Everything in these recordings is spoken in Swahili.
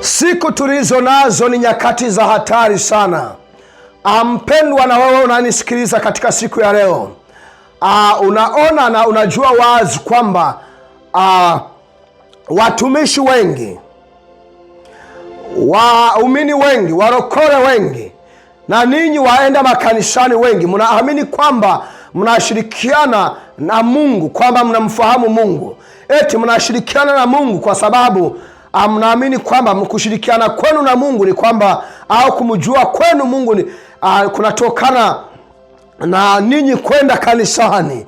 Siku tulizo nazo ni nyakati za hatari sana. Ah, mpendwa na wewe unanisikiliza katika siku ya leo, uh, unaona na unajua wazi kwamba uh, watumishi wengi, waumini wengi, warokore wengi na ninyi waenda makanisani wengi, mnaamini kwamba mnashirikiana na Mungu, kwamba mnamfahamu Mungu, eti mnashirikiana na Mungu kwa sababu Ah, mnaamini kwamba kushirikiana kwenu na Mungu ni kwamba au kumjua kwenu Mungu ni uh, kunatokana na ninyi kwenda kanisani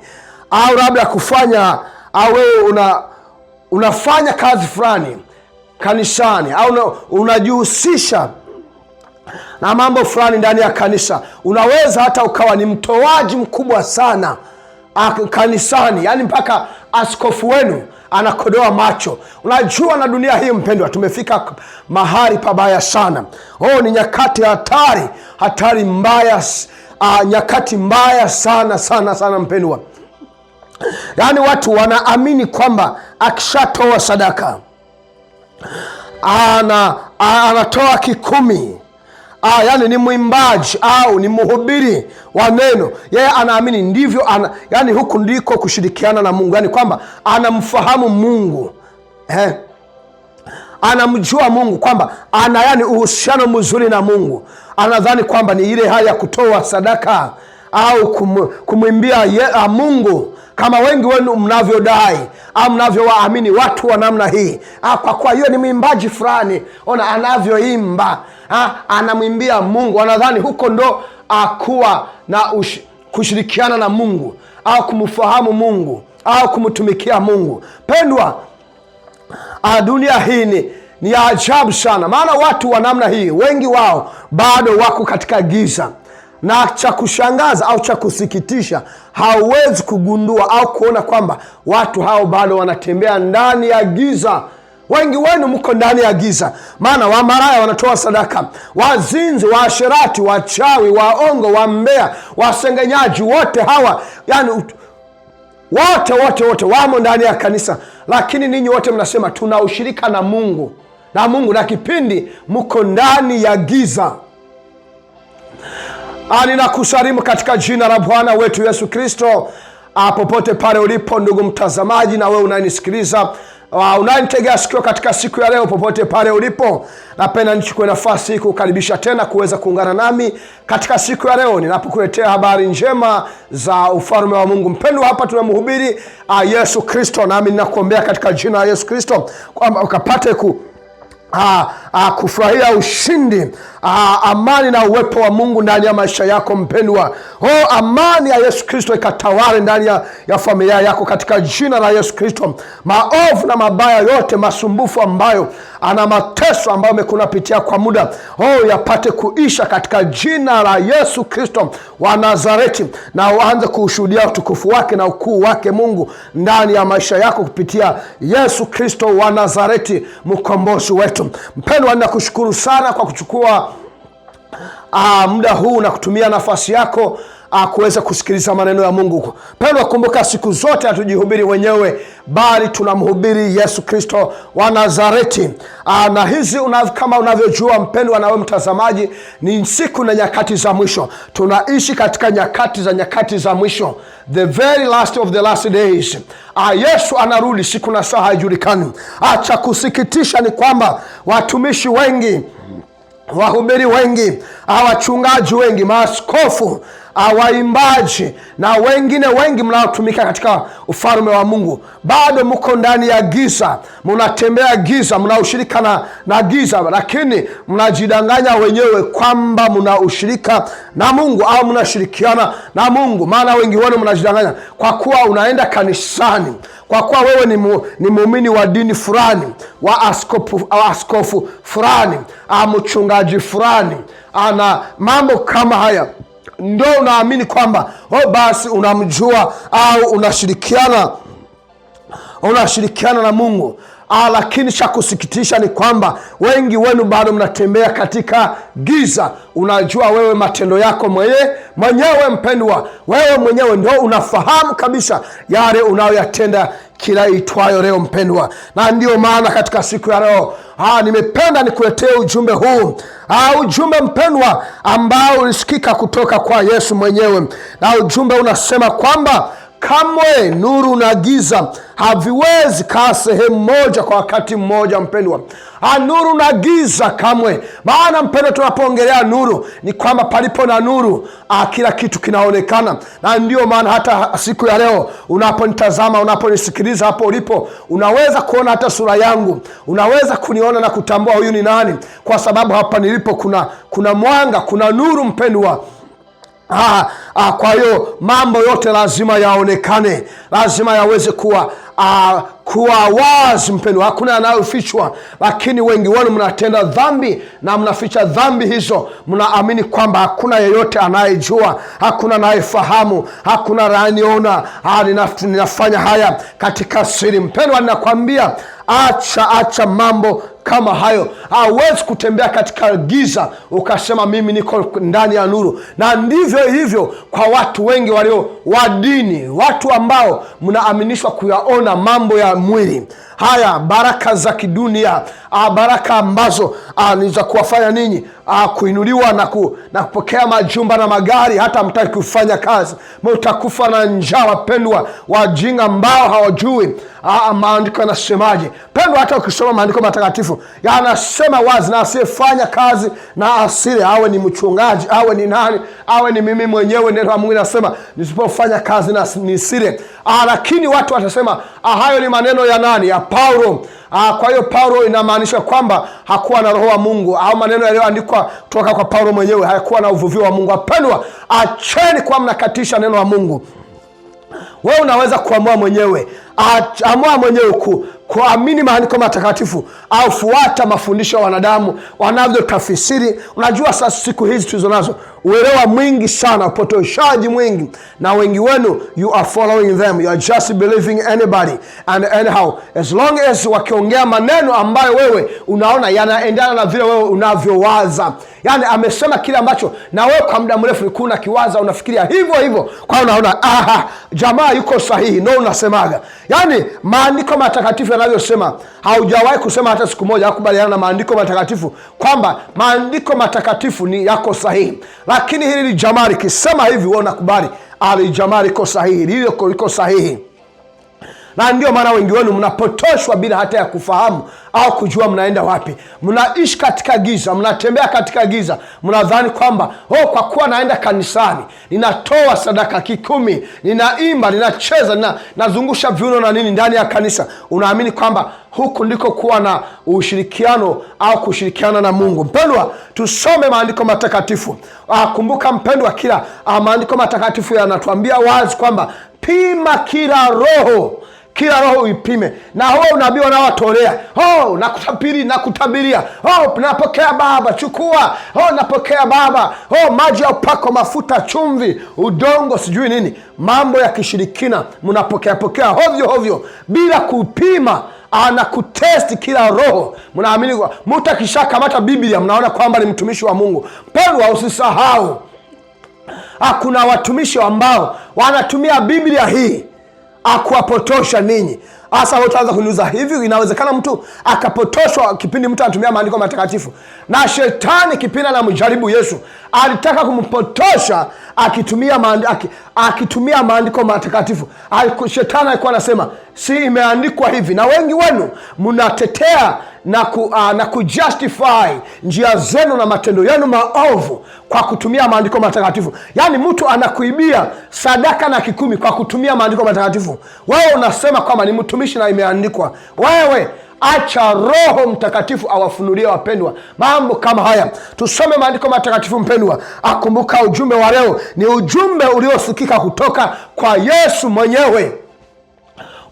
au labda kufanya au wewe una, unafanya kazi fulani kanisani au unajihusisha na mambo fulani ndani ya kanisa. Unaweza hata ukawa ni mtoaji mkubwa sana ah, kanisani, yaani mpaka askofu wenu anakodoa macho. Unajua, na dunia hii mpendwa, tumefika mahali pabaya sana. Oh, ni nyakati hatari, hatari mbaya, uh, nyakati mbaya sana sana sana mpendwa. Yaani watu wanaamini kwamba akishatoa sadaka ana anatoa kikumi Ah, yani ni mwimbaji au ni mhubiri wa neno. Yeye anaamini ndivyo ana, yani huku ndiko kushirikiana na Mungu, yani kwamba anamfahamu Mungu eh? Anamjua Mungu kwamba ana yani uhusiano mzuri na Mungu. Anadhani kwamba ni ile hali ya kutoa sadaka au kum, kumwimbia ye, ah, Mungu kama wengi wenu mnavyodai au mnavyowaamini watu wa namna hii ha, ah, kwa kuwa hiyo ni mwimbaji fulani, ona anavyoimba ah, anamwimbia Mungu, wanadhani huko ndo akuwa na ush, kushirikiana na Mungu au kumfahamu Mungu au kumtumikia Mungu. Pendwa, dunia hii ni ni ajabu sana, maana watu wa namna hii wengi wao bado wako katika giza na cha kushangaza au cha kusikitisha, hauwezi kugundua au kuona kwamba watu hao bado wanatembea ndani ya giza. Wengi wenu mko ndani ya giza, maana wamaraya wanatoa sadaka, wazinzi, waasherati, wachawi, waongo, wambea, wasengenyaji, wote hawa yani, wote wote wote wamo ndani ya kanisa, lakini ninyi wote mnasema tuna ushirika na Mungu na Mungu, na kipindi mko ndani ya giza. Ninakusalimu katika jina la Bwana wetu Yesu Kristo ah, popote pale ulipo, ndugu mtazamaji, na wewe unayenisikiliza ah, unayenitegea sikio katika siku ya leo, popote pale ulipo, napenda nichukue nafasi hii kukaribisha tena kuweza kuungana nami katika siku ya leo ninapokuletea habari njema za ufalme wa Mungu. Mpendwa, hapa tunamhubiri ah, Yesu Kristo, nami ninakuombea katika jina la Yesu Kristo kwamba ukapate ku Ah, ah, kufurahia ushindi ah, amani na uwepo wa Mungu ndani ya maisha yako mpendwa. Oh, amani ya Yesu Kristo ikatawale ndani ya, ya familia yako katika jina la Yesu Kristo. Maovu na mabaya yote, masumbufu ambayo ana mateso ambayo amekunapitia kwa muda, oh, yapate kuisha katika jina la Yesu Kristo wa Nazareti, na uanze kuushuhudia utukufu wake na ukuu wake Mungu ndani ya maisha yako kupitia Yesu Kristo wa Nazareti, mkombozi wetu yetu. Mpendwa, ninakushukuru sana kwa kuchukua uh, muda huu na kutumia nafasi yako Ah, kuweza kusikiliza maneno ya Mungu. Pendwa, kumbuka siku zote hatujihubiri wenyewe, bali tunamhubiri Yesu Kristo wa Nazareti. Ah, na hizi una, kama unavyojua mpendwa, nawe mtazamaji, ni siku na nyakati za mwisho. Tunaishi katika nyakati za nyakati za mwisho, the very last of the last days. Ah, Yesu anarudi, siku na saa haijulikani. Cha kusikitisha ni kwamba watumishi wengi, wahubiri wengi, wachungaji wengi, maaskofu waimbaji na wengine wengi mnaotumika katika ufalme wa Mungu, bado mko ndani ya giza, mnatembea giza, mnaushirika na, na giza, lakini mnajidanganya wenyewe kwamba ushirika na Mungu au mnashirikiana na Mungu. Maana wengi wenu mnajidanganya kwa kuwa unaenda kanisani kwa kuwa wewe ni, mu, ni muumini wa dini fulani wa askofu, askofu fulani mchungaji fulani ana mambo kama haya ndo unaamini kwamba o basi unamjua au unashirikiana unashirikiana na Mungu. Ah, lakini cha kusikitisha ni kwamba wengi wenu bado mnatembea katika giza. Unajua wewe matendo yako mwenye mwenyewe, mpendwa, wewe mwenyewe ndo unafahamu kabisa yale unayoyatenda kila itwayo leo, mpendwa. Na ndiyo maana katika siku ya leo ah, nimependa nikuletee ujumbe huu ah, ujumbe mpendwa, ambao ulisikika kutoka kwa Yesu mwenyewe, na ujumbe unasema kwamba Kamwe nuru na giza haviwezi kaa sehemu moja kwa wakati mmoja, mpendwa. nuru na giza kamwe. Maana mpendwa, tunapoongelea nuru ni kwamba palipo na nuru kila kitu kinaonekana, na ndiyo maana hata siku ya leo unaponitazama, unaponisikiliza hapo ulipo, unaweza kuona hata sura yangu, unaweza kuniona na kutambua huyu ni nani, kwa sababu hapa nilipo kuna kuna mwanga, kuna nuru mpendwa. Ah, ah, kwa hiyo mambo yote lazima yaonekane, lazima yaweze kuwa ah, kuwa wazi mpendo, hakuna yanayofichwa. Lakini wengi wenu mnatenda dhambi na mnaficha dhambi hizo, mnaamini kwamba hakuna yeyote anayejua, hakuna anayefahamu, hakuna anayeniona. Ah, ninafanya haya katika siri. Mpendo, ninakwambia acha, acha mambo kama hayo. Hawezi kutembea katika giza ukasema mimi niko ndani ya nuru, na ndivyo hivyo kwa watu wengi walio wa dini, watu ambao mnaaminishwa kuyaona mambo ya mwili haya, baraka za kidunia, ah, baraka ambazo ah, ni za kuwafanya ninyi ah, kuinuliwa na, ku, na kupokea majumba na magari, hata mtaki kufanya kazi, mtakufa na njaa, wapendwa wajinga ambao hawajui Aa, ah, ah, maandiko yanasemaje? Pendwa, hata ukisoma maandiko matakatifu yanasema wazi, na asiyefanya kazi na asili, awe ni mchungaji, awe ni nani, awe ni mimi mwenyewe. Neno la Mungu linasema nisipofanya kazi na nisile. Ah, lakini watu watasema hayo ni maneno ya nani? Ya Paulo. Aa, kwa hiyo Paulo inamaanisha kwamba hakuwa na roho wa Mungu au maneno yaliyoandikwa kutoka kwa Paulo mwenyewe hayakuwa na uvuvio wa Mungu. Apendwa, acheni kuwa mnakatisha neno la Mungu. Wewe unaweza kuamua mwenyewe, ah, amua mwenyewe ku kuamini maandiko matakatifu au fuata mafundisho ya wanadamu wanavyotafsiri. Unajua sasa siku hizi tulizo nazo uelewa mwingi sana, upotoshaji mwingi, na wengi wenu you are following them, you are just believing anybody and anyhow, as long as wakiongea maneno ambayo wewe unaona yanaendana na vile wewe unavyowaza. Yani amesema kile ambacho na wewe kwa muda mrefu ulikuwa unakiwaza, unafikiria hivyo hivyo, kwa unaona aha, jamaa yuko sahihi, no unasemaga. Yani maandiko matakatifu yanavyosema, haujawahi kusema hata siku moja akubaliana na maandiko matakatifu kwamba maandiko matakatifu ni yako sahihi lakini hili ni jamari, kisema hivi wewe kubali alijamari iko sahihi, lililo iko sahihi, na ndio maana wengi wenu mnapotoshwa bila hata ya kufahamu au kujua mnaenda wapi. Mnaishi katika giza, mnatembea katika giza, mnadhani kwamba oh, kwa kuwa naenda kanisani, ninatoa sadaka kikumi, ninaimba, ninacheza, nina, nazungusha viuno na nini ndani ya kanisa, unaamini kwamba huku ndiko kuwa na ushirikiano au kushirikiana na Mungu. Mpendwa, tusome maandiko matakatifu. Ah, kumbuka mpendwa, kila ah, maandiko matakatifu yanatuambia wazi kwamba pima kila roho kila roho uipime, na huo unabii wanaowatolea oh, nakutabiri nakutabiria, oh, napokea Baba, chukua oh, napokea Baba, oh, maji ya upako, mafuta, chumvi, udongo, sijui nini, mambo ya kishirikina mnapokea pokea hovyo hovyo bila kupima anakutesti kila roho. Mnaamini mtu akishakamata Biblia mnaona kwamba ni mtumishi wa Mungu. Mpendwa, usisahau, hakuna watumishi ambao wanatumia Biblia hii akuwapotosha ninyi hasa wewe utaanza kuniuza hivi. Inawezekana mtu akapotoshwa kipindi mtu anatumia maandiko matakatifu, na shetani kipindi anamjaribu Yesu alitaka kumpotosha akitumia maandiko, aki, akitumia maandiko matakatifu. Shetani alikuwa anasema si imeandikwa hivi, na wengi wenu mnatetea na, ku, uh, na kujustify njia zenu na matendo yenu maovu kwa kutumia maandiko matakatifu. Yaani mtu anakuibia sadaka na kikumi kwa kutumia maandiko matakatifu, wewe unasema kwamba nimtumie mtumishi na imeandikwa wewe acha roho mtakatifu awafunulie wapendwa mambo kama haya tusome maandiko matakatifu mpendwa akumbuka ujumbe wa leo ni ujumbe uliosikika kutoka kwa yesu mwenyewe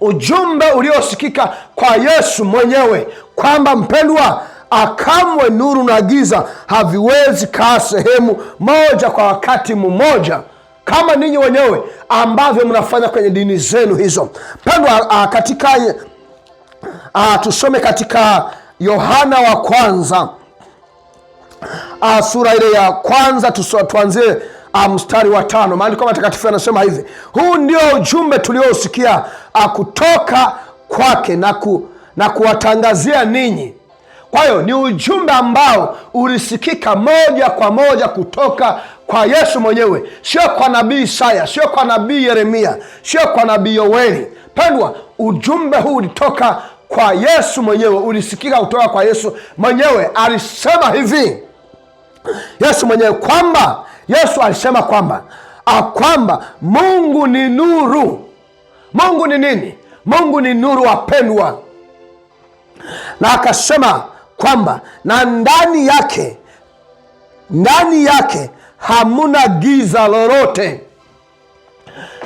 ujumbe uliosikika kwa yesu mwenyewe kwamba mpendwa akamwe nuru na giza haviwezi kaa sehemu moja kwa wakati mmoja kama ninyi wenyewe ambavyo mnafanya kwenye dini zenu hizo. Pendwa, ah, katika a, ah, tusome katika Yohana wa kwanza a, ah, sura ile ya kwanza tuanzie mstari wa tano. Maandiko matakatifu yanasema hivi, huu ndio ujumbe tuliosikia kutoka kwake na, ku, na kuwatangazia ninyi kwa hiyo ni ujumbe ambao ulisikika moja kwa moja kutoka kwa Yesu mwenyewe, sio kwa nabii Isaya, sio kwa nabii Yeremia, sio kwa nabii yoweli Pendwa, ujumbe huu ulitoka kwa Yesu mwenyewe, ulisikika kutoka kwa Yesu mwenyewe. Alisema hivi Yesu mwenyewe kwamba Yesu alisema kwamba akwamba ah, kwamba Mungu ni nuru. Mungu ni nini? Mungu ni nuru, wapendwa, na akasema kwamba na ndani yake ndani yake hamuna giza lolote.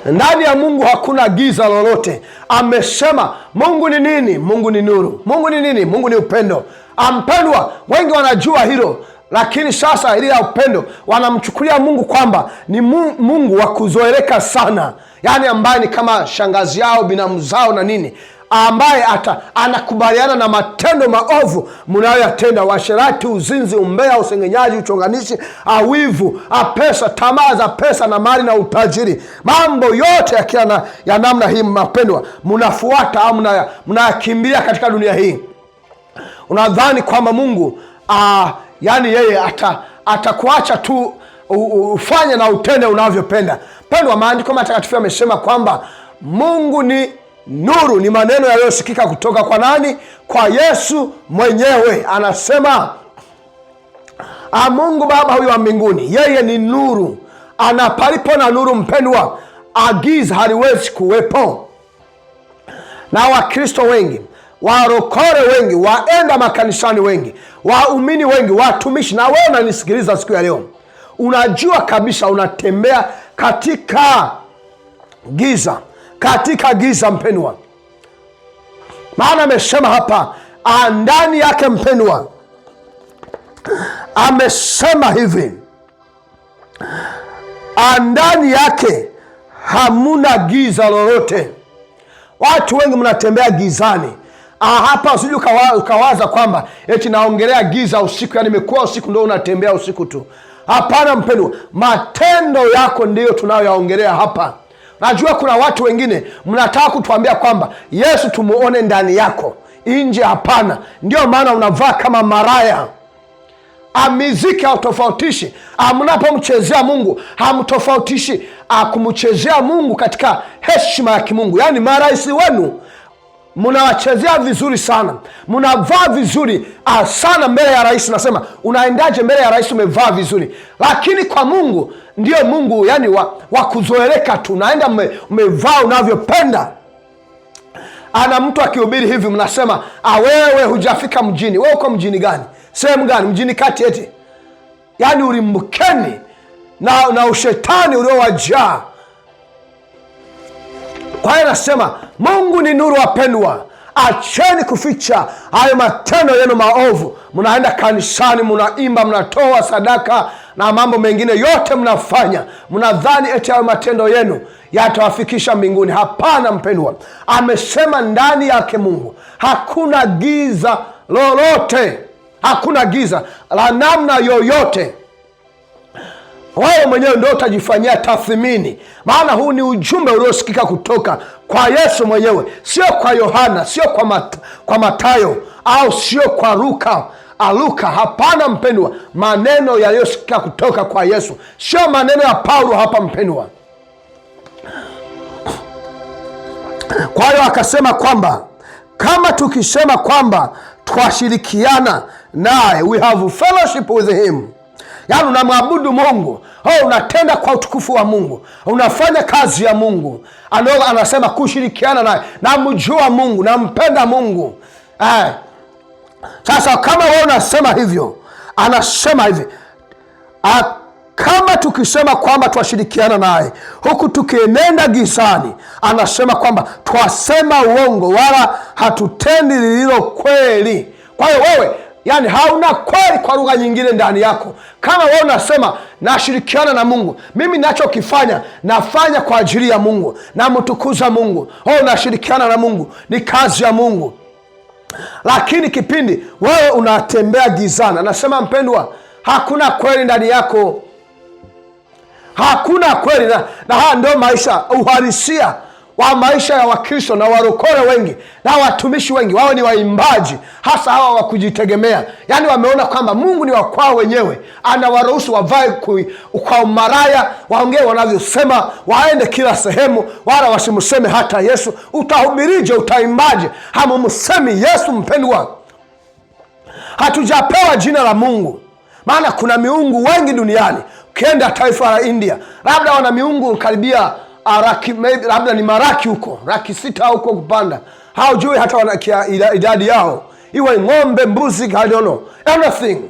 Ndani ya Mungu hakuna giza lolote. Amesema Mungu ni nini? Mungu ni nuru. Mungu ni nini? Mungu ni upendo. Ampendwa, wengi wanajua hilo lakini sasa ili ya upendo wanamchukulia Mungu kwamba ni Mungu wa kuzoeleka sana, yaani ambaye ni kama shangazi yao, binamu zao na nini ambaye ata anakubaliana na matendo maovu mnayoyatenda: uasherati, uzinzi, umbea, usengenyaji, uchonganishi, awivu, apesa, tamaa za pesa na mali na utajiri. Mambo yote yakiwa na ya namna hii, mapendwa, mnafuata au mnayakimbilia katika dunia hii, unadhani kwamba Mungu aa, yani yeye atakuacha ata tu ufanye na utende unavyopenda. Pendwa, maandiko matakatifu yamesema kwamba Mungu ni Nuru ni maneno yaliyosikika kutoka kwa nani? Kwa Yesu mwenyewe. Anasema a, ah, Mungu Baba huyu wa mbinguni, yeye ni nuru, ana palipo na nuru. Mpendwa, agiza haliwezi kuwepo. Na Wakristo wengi warokore wengi waenda makanisani wengi waumini wengi watumishi, na wewe unanisikiliza siku ya leo, unajua kabisa unatembea katika giza katika giza, mpendwa. Maana amesema hapa ah, ndani yake, mpendwa, amesema hivi ah, ndani yake hamuna giza lolote. Watu wengi mnatembea gizani. Ah, hapa usije ukawaza kwamba eti naongelea giza usiku, yani imekuwa usiku ndo unatembea usiku tu. Hapana mpendwa, matendo yako ndiyo tunayoyaongelea hapa. Najua kuna watu wengine mnataka kutuambia kwamba Yesu tumuone ndani yako, nje hapana. ndio maana unavaa kama maraya amiziki hautofautishi, amnapomchezea Mungu hamtofautishi, akumchezea Mungu katika heshima ya kimungu, yaani maraisi wenu mnawachezea vizuri sana, mnavaa vizuri ah, sana mbele ya rais. Nasema unaendaje mbele ya rais umevaa vizuri, lakini kwa Mungu ndiyo Mungu yani wa, wa kuzoeleka tu, naenda umevaa unavyopenda ana mtu akihubiri hivi mnasema, ah, wewe hujafika mjini. we uko mjini gani? Sehemu gani? Mjini kati eti? Yaani ulimbukeni na, na ushetani uliowajaa kwa hiyo anasema Mungu ni nuru, wapendwa, acheni kuficha hayo matendo yenu maovu. Mnaenda kanisani, mnaimba, mnatoa sadaka na mambo mengine yote mnafanya, mnadhani eti hayo matendo yenu yatawafikisha mbinguni. Hapana mpendwa, amesema ndani yake Mungu hakuna giza lolote, hakuna giza la namna yoyote wewe mwenyewe ndio utajifanyia tathmini, maana huu ni ujumbe uliosikika kutoka kwa Yesu mwenyewe, sio kwa Yohana, sio kwa, Mat kwa Matayo au sio kwa Luka Aluka. Ah, hapana mpendwa, maneno yaliyosikika kutoka kwa Yesu, sio maneno ya Paulo hapa mpendwa. Kwa hiyo akasema kwamba kama tukisema kwamba twashirikiana naye, we have fellowship with him yaani unamwabudu Mungu oh, unatenda kwa utukufu wa Mungu, unafanya kazi ya Mungu. Ano, anasema kushirikiana naye, namjua Mungu, nampenda Mungu eh. Sasa kama wewe unasema hivyo, anasema hivi A kama tukisema kwamba twashirikiana naye huku tukienenda gisani, anasema kwamba twasema uongo, wala hatutendi lililo kweli. Kwa hiyo wewe yani hauna kweli kwa lugha nyingine ndani yako. Kama wewe unasema nashirikiana na Mungu, mimi nachokifanya nafanya kwa ajili ya Mungu, namtukuza Mungu, o oh, nashirikiana na Mungu, ni kazi ya Mungu. Lakini kipindi wewe unatembea gizana, nasema mpendwa, hakuna kweli ndani yako, hakuna kweli na, na haya ndio maisha uhalisia wa maisha ya Wakristo na warokore wengi na watumishi wengi, wao ni waimbaji, hasa hawa wa kujitegemea. Yaani wameona kwamba Mungu ni wa kwao wenyewe, anawaruhusu wavae kwa umaraya, waongee wanavyosema, waende kila sehemu, wala wasimseme hata Yesu. Utahubirije? Utaimbaje? Hamumsemi Yesu. Mpendwa, hatujapewa jina la Mungu, maana kuna miungu wengi duniani. Ukienda taifa la India, labda wana miungu karibia araki ah, labda ni maraki huko raki sita huko kupanda, haujui hata wanakia idadi yao, iwe ng'ombe, mbuzi, I don't know everything.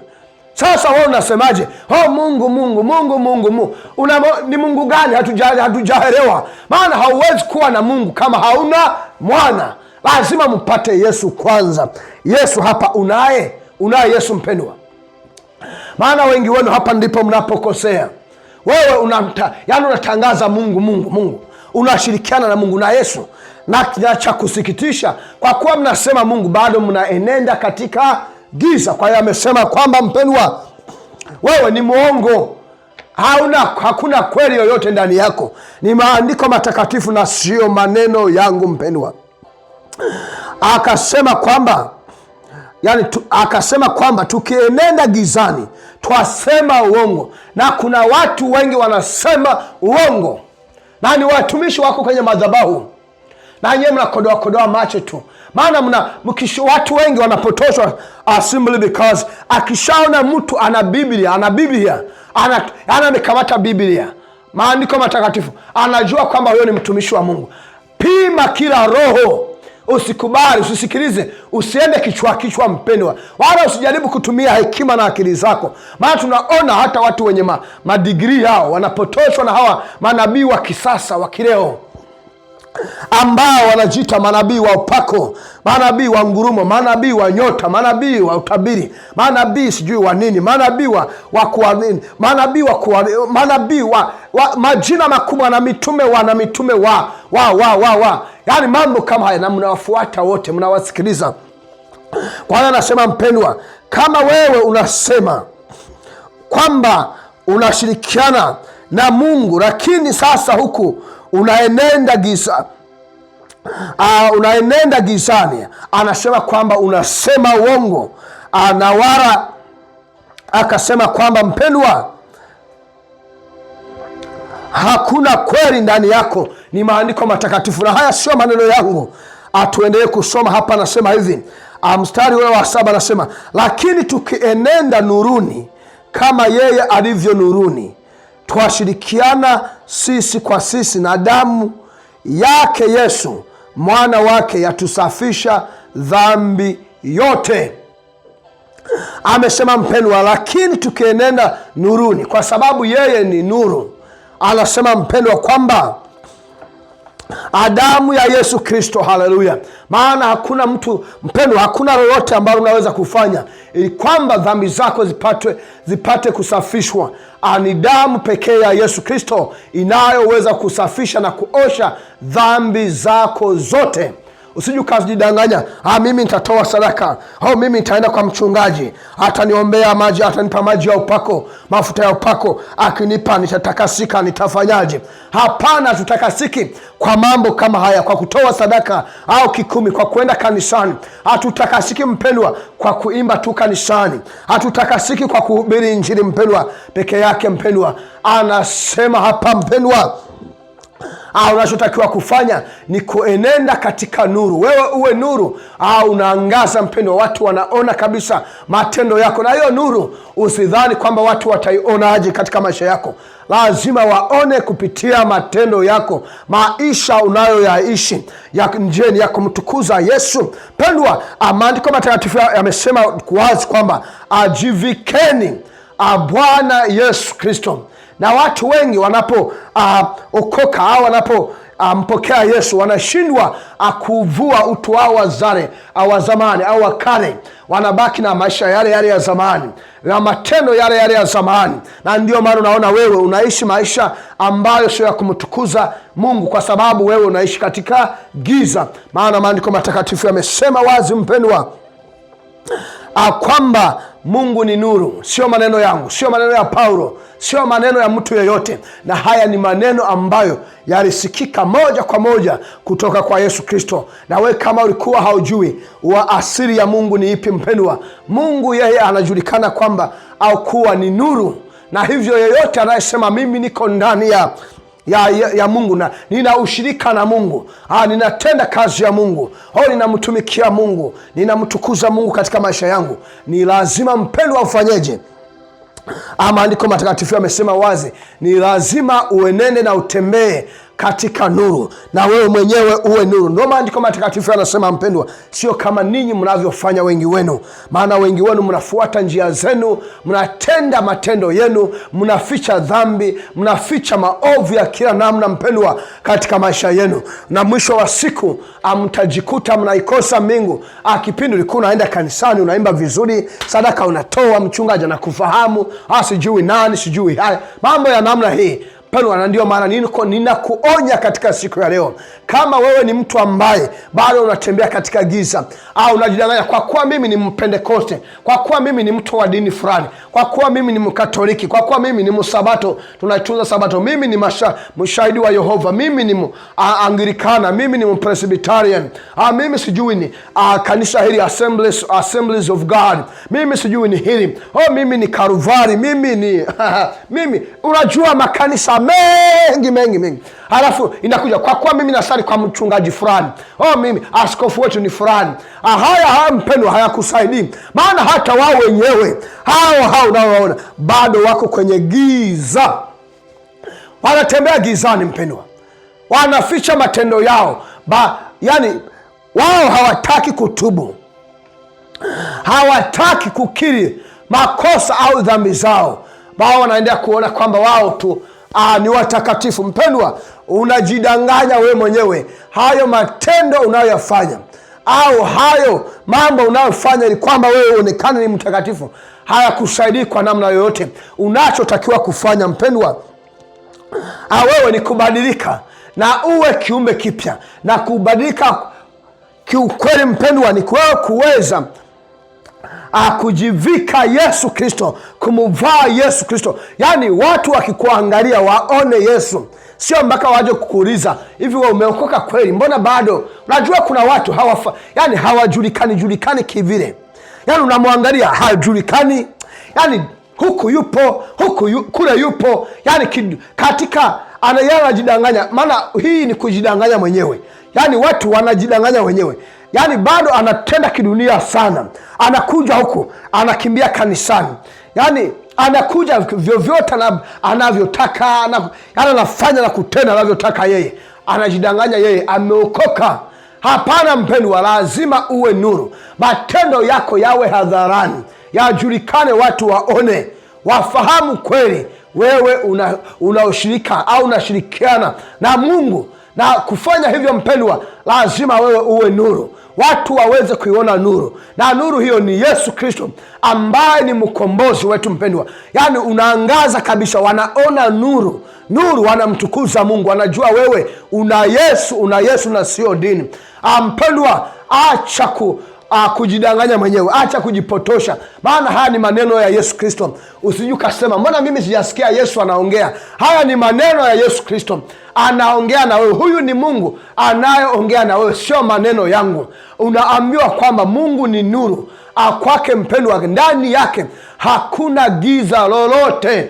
Sasa wewe unasemaje? Oh, Mungu Mungu Mungu Mungu, Mungu. Una, ni Mungu gani? Hatujaelewa, maana hauwezi kuwa na Mungu kama hauna mwana. Lazima mpate Yesu kwanza. Yesu hapa unaye, unaye Yesu mpendwa, maana wengi wenu hapa ndipo mnapokosea wewe unamta, yani unatangaza Mungu, Mungu, Mungu, unashirikiana na Mungu na Yesu. Na cha kusikitisha, kwa kuwa mnasema Mungu bado mnaenenda katika giza. Kwa hiyo amesema kwamba mpendwa, wewe ni mwongo, hauna hakuna kweli yoyote ndani yako. Ni maandiko matakatifu na siyo maneno yangu mpendwa. Akasema kwamba yani tu, akasema kwamba tukienenda gizani twasema uongo, na kuna watu wengi wanasema uongo na ni watumishi wako kwenye madhabahu na nyewe mnakodoa kodoa macho tu, maana mna mkisho. Watu wengi wanapotoshwa ah, simply because akishaona mtu ana Biblia ana Biblia ana ana yaani amekamata Biblia maandiko matakatifu, anajua kwamba huyo ni mtumishi wa Mungu. Pima kila roho Usikubali, usisikilize, usiende kichwa kichwa, mpendwa, wala usijaribu kutumia hekima na akili zako, maana tunaona hata watu wenye ma, madigrii hao wanapotoshwa na hawa manabii wa kisasa wa kileo ambao wanajiita manabii wa upako, manabii wa ngurumo, manabii wa nyota, manabii wa utabiri, manabii sijui wa nini, manabii wa nini, manabii wa manabii wa, wa majina makubwa na mitume wa na mitume wa wa wa wa, wa. Yaani mambo kama haya, na mnawafuata wote, mnawasikiliza. hiyo anasema, mpendwa, kama wewe unasema kwamba unashirikiana na Mungu, lakini sasa huku unaenenda giza uh, ah, unaenenda gizani. Anasema kwamba unasema uongo uh, na akasema kwamba mpendwa, hakuna kweli ndani yako. Ni maandiko matakatifu na haya sio maneno yangu. Atuendelee ah, kusoma hapa, anasema hivi ah, mstari ule wa saba, anasema lakini tukienenda nuruni kama yeye alivyo nuruni twashirikiana sisi kwa sisi na damu yake Yesu mwana wake yatusafisha dhambi yote. Amesema mpendwa, lakini tukienenda nuruni, kwa sababu yeye ni nuru. Anasema mpendwa kwamba damu ya Yesu Kristo. Haleluya! Maana hakuna mtu mpendwa, hakuna lolote ambalo unaweza kufanya ili kwamba dhambi zako zipate, zipate kusafishwa. Ah, ni damu pekee ya Yesu Kristo inayoweza kusafisha na kuosha dhambi zako zote usiju kajidanganya ah, mimi nitatoa sadaka au oh, mimi nitaenda kwa mchungaji, ataniombea maji, atanipa maji ya upako, mafuta ya upako, akinipa nitatakasika, nitafanyaje? Hapana, tutakasiki kwa mambo kama haya, kwa kutoa sadaka au kikumi, kwa kuenda kanisani. Hatutakasiki mpendwa, kwa kuimba tu kanisani. Hatutakasiki kwa kuhubiri injili mpendwa, peke yake mpendwa. Anasema hapa mpendwa Ah, unachotakiwa kufanya ni kuenenda katika nuru. Wewe uwe nuru. Ah, unaangaza mpendo, watu wanaona kabisa matendo yako, na hiyo nuru usidhani kwamba watu wataionaje katika maisha yako. Lazima waone kupitia matendo yako, maisha unayoyaishi ya ni ya kumtukuza Yesu. Pendwa, maandiko matakatifu yamesema wazi kwamba ajivikeni ah, Bwana Yesu Kristo na watu wengi wanapookoka ah, uh, au wanapo ampokea ah, um, Yesu wanashindwa ah, kuvua utu wao wa zare wa zamani au wa kale, wanabaki na maisha yale yale ya zamani na matendo yale yale ya zamani. Na ndio maana unaona wewe unaishi maisha ambayo sio ya kumtukuza Mungu, kwa sababu wewe unaishi katika giza. Maana maandiko matakatifu yamesema wazi, mpendwa kwamba Mungu ni nuru. Sio maneno yangu, sio maneno ya Paulo, sio maneno ya mtu yeyote, na haya ni maneno ambayo yalisikika moja kwa moja kutoka kwa Yesu Kristo. Na wee kama ulikuwa haujui wa asili ya Mungu ni ipi, mpendwa, Mungu yeye anajulikana kwamba au kuwa ni nuru, na hivyo yeyote anayesema mimi niko ndani ya ya, ya, ya Mungu na nina ushirika na Mungu. Ah, ninatenda kazi ya Mungu au oh, ninamtumikia Mungu, ninamtukuza Mungu katika maisha yangu, ni lazima mpendwa, ufanyeje? Ah, maandiko matakatifu yamesema wazi, ni lazima uenende na utembee katika nuru, na wewe mwenyewe uwe nuru. Ndio maandiko matakatifu yanasema, mpendwa, sio kama ninyi mnavyofanya wengi wenu, maana wengi wenu mnafuata njia zenu, mnatenda matendo yenu, mnaficha dhambi, mnaficha maovu ya kila namna, mpendwa, katika maisha yenu, na mwisho wa siku amtajikuta mnaikosa mbingu. Akipindi ulikuwa unaenda kanisani, unaimba vizuri, sadaka unatoa, mchungaji anakufahamu, sijui nani, sijui haya, mambo ya namna hii Pendwa, na ndiyo maana niko ninakuonya katika siku ya leo, kama wewe ni mtu ambaye bado unatembea katika giza au unajidanganya kwa kuwa mimi ni Mpentekoste, kwa kuwa mimi ni mtu wa dini fulani, kwa kuwa mimi ni Mkatoliki, kwa kuwa mimi ni Msabato, tunaitunza Sabato, mimi ni masha, mshahidi wa Yehova, mimi ni Anglikana, mimi ni Mpresbyterian, mimi sijui ni a, kanisa hili Assemblies, Assemblies of God, mimi sijui ni hili o, oh, mimi ni Karuvari, mimi ni mimi, unajua makanisa mengi mengi mengi, halafu inakuja kwa kuwa mimi nasali kwa mchungaji fulani, oh, mimi askofu wetu ni fulani. Ah, haya haya mpendwa, hayakusaidii, maana hata wao wenyewe hao hao unaowaona bado wako kwenye giza, wanatembea gizani mpendwa, wanaficha matendo yao ba, yani wao hawataki kutubu, hawataki kukiri makosa au dhambi zao, wao wanaendelea kuona kwamba wao tu Aa, ah, ni watakatifu. Mpendwa, unajidanganya wewe mwenyewe. Hayo matendo unayoyafanya au hayo mambo unayofanya ni kwamba wewe uonekane ni mtakatifu hayakusaidii kwa namna yoyote. Unachotakiwa kufanya mpendwa, ah, wewe ni kubadilika na uwe kiumbe kipya, na kubadilika kiukweli mpendwa ni wewe kuweza kujivika Yesu Kristo, kumuvaa Yesu Kristo, yaani watu wakikuangalia waone Yesu, sio mpaka waje kukuuliza hivi, we umeokoka kweli? Mbona bado? Unajua kuna watu hawafa, yani hawajulikani julikani kivile, yani unamwangalia hajulikani, yani huku yupo huku yu, kule yupo, yani kid, katika anajidanganya. Maana hii ni kujidanganya mwenyewe, yani watu wanajidanganya wenyewe yaani bado anatenda kidunia sana, anakuja huku anakimbia kanisani, yaani anakuja vyovyote anavyotaka, anaku, yaani anafanya na kutenda anavyotaka yeye, anajidanganya yeye ameokoka. Hapana mpendwa, lazima uwe nuru, matendo yako yawe hadharani, yajulikane, watu waone, wafahamu kweli wewe unaoshirika una au unashirikiana na Mungu na kufanya hivyo, mpendwa, lazima wewe uwe nuru watu waweze kuiona nuru, na nuru hiyo ni Yesu Kristo ambaye ni mkombozi wetu mpendwa. Yaani unaangaza kabisa, wanaona nuru nuru, wanamtukuza Mungu, wanajua wewe una Yesu, una Yesu na sio dini. Ah, mpendwa, acha ku Ah, kujidanganya mwenyewe, acha kujipotosha, maana haya ni maneno ya Yesu Kristo. Usiju kasema mbona mimi sijasikia Yesu anaongea. Haya ni maneno ya Yesu Kristo, anaongea na wewe. Huyu ni Mungu anayeongea na wewe, sio maneno yangu. Unaambiwa kwamba Mungu ni nuru, akwake ah, mpendo wake, ndani yake hakuna giza lolote,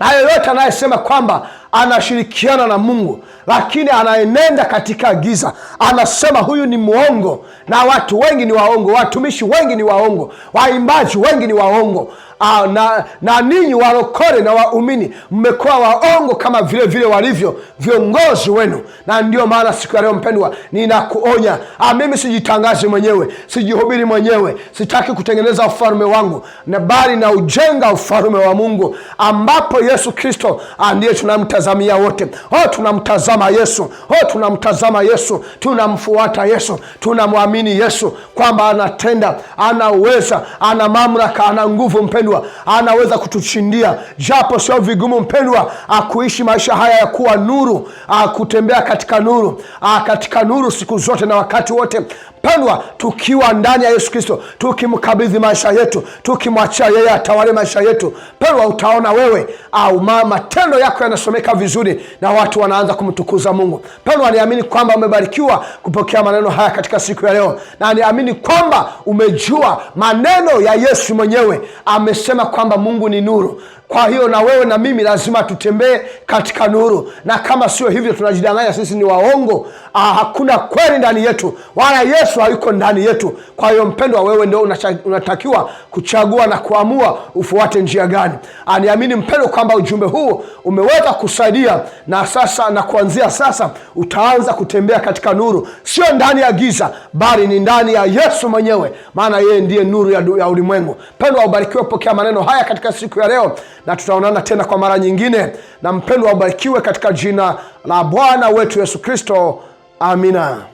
na yeyote anayesema kwamba anashirikiana na Mungu lakini anaenenda katika giza, anasema huyu ni mwongo, na watu wengi ni waongo, watumishi wengi ni waongo, waimbaji wengi ni waongo. Aa, ah, na, na ninyi warokore na waumini mmekuwa waongo kama vile vile walivyo viongozi wenu. Na ndio maana siku ya leo mpendwa, ninakuonya. Ah, mimi sijitangazi mwenyewe, sijihubiri mwenyewe, sitaki kutengeneza ufalme wangu, na bali naujenga ufalme wa Mungu ambapo Yesu Kristo ah, ndiye tunamtazamia wote. Oh, tunamtazama Yesu, oh, tunamtazama Yesu, tunamfuata Yesu, tunamwamini kumwamini Yesu kwamba anatenda, anaweza, ana mamlaka, ana nguvu mpendwa, anaweza kutushindia, japo sio vigumu mpendwa, akuishi maisha haya ya kuwa nuru, akutembea katika nuru, katika nuru siku zote na wakati wote. Pendwa, tukiwa ndani ya Yesu Kristo, tukimkabidhi maisha yetu, tukimwachia yeye atawale maisha yetu, pendwa, utaona wewe au matendo yako yanasomeka vizuri na watu wanaanza kumtukuza Mungu. Pendwa, niamini kwamba umebarikiwa kupokea maneno haya katika siku ya leo, na niamini kwamba umejua maneno ya Yesu mwenyewe. Amesema kwamba Mungu ni nuru kwa hiyo na wewe na mimi lazima tutembee katika nuru, na kama sio hivyo tunajidanganya sisi ni waongo. Ah, hakuna kweli ndani yetu, wala Yesu hayuko ndani yetu. Kwa hiyo mpendwa, wewe ndio unatakiwa kuchagua na kuamua ufuate njia gani. Aniamini ah, mpendwa, kwamba ujumbe huu umeweza kusaidia, na sasa na kuanzia sasa utaanza kutembea katika nuru, sio ndani ya giza, bali ni ndani ya Yesu mwenyewe, maana yeye ndiye nuru ya, ya ulimwengu. Mpendwa, ubarikiwe, pokea maneno haya katika siku ya leo na tutaonana tena kwa mara nyingine, na mpendwa, ubarikiwe katika jina la Bwana wetu Yesu Kristo. Amina.